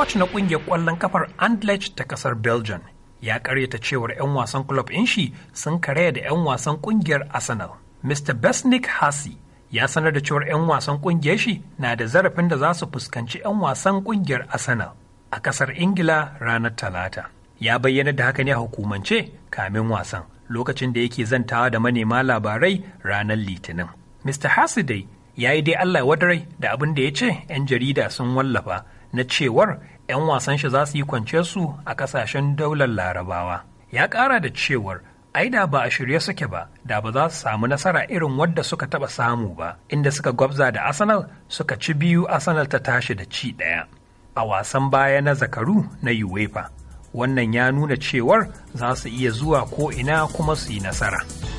Coach na ƙungiyar ƙwallon kafar Anderlecht ta ƙasar Belgium ya karyata cewar 'yan wasan club in shi sun karaya da 'yan wasan ƙungiyar Arsenal. Mr. Besnick Hasi ya sanar da cewar 'yan wasan ƙungiyar shi na da zarafin da za su fuskanci 'yan wasan ƙungiyar Arsenal a ƙasar Ingila ranar Talata. Ya bayyana da haka ne a hukumance kamin wasan lokacin da yake zantawa da manema labarai ranar Litinin. Mr. Hasi dai ya yi dai Allah wadarai da abin da ya ce 'yan jarida sun wallafa na cewar 'yan wasan shi za su yi kwance su a kasashen daular larabawa ya ƙara da cewar ai da ba a shirye suke ba da ba za su samu nasara irin wadda suka taɓa samu ba inda suka gwabza da arsenal suka ci biyu arsenal ta tashi da ci ɗaya a wasan baya na zakaru na uefa wannan ya nuna cewar za su iya zuwa ko ina kuma su yi nasara.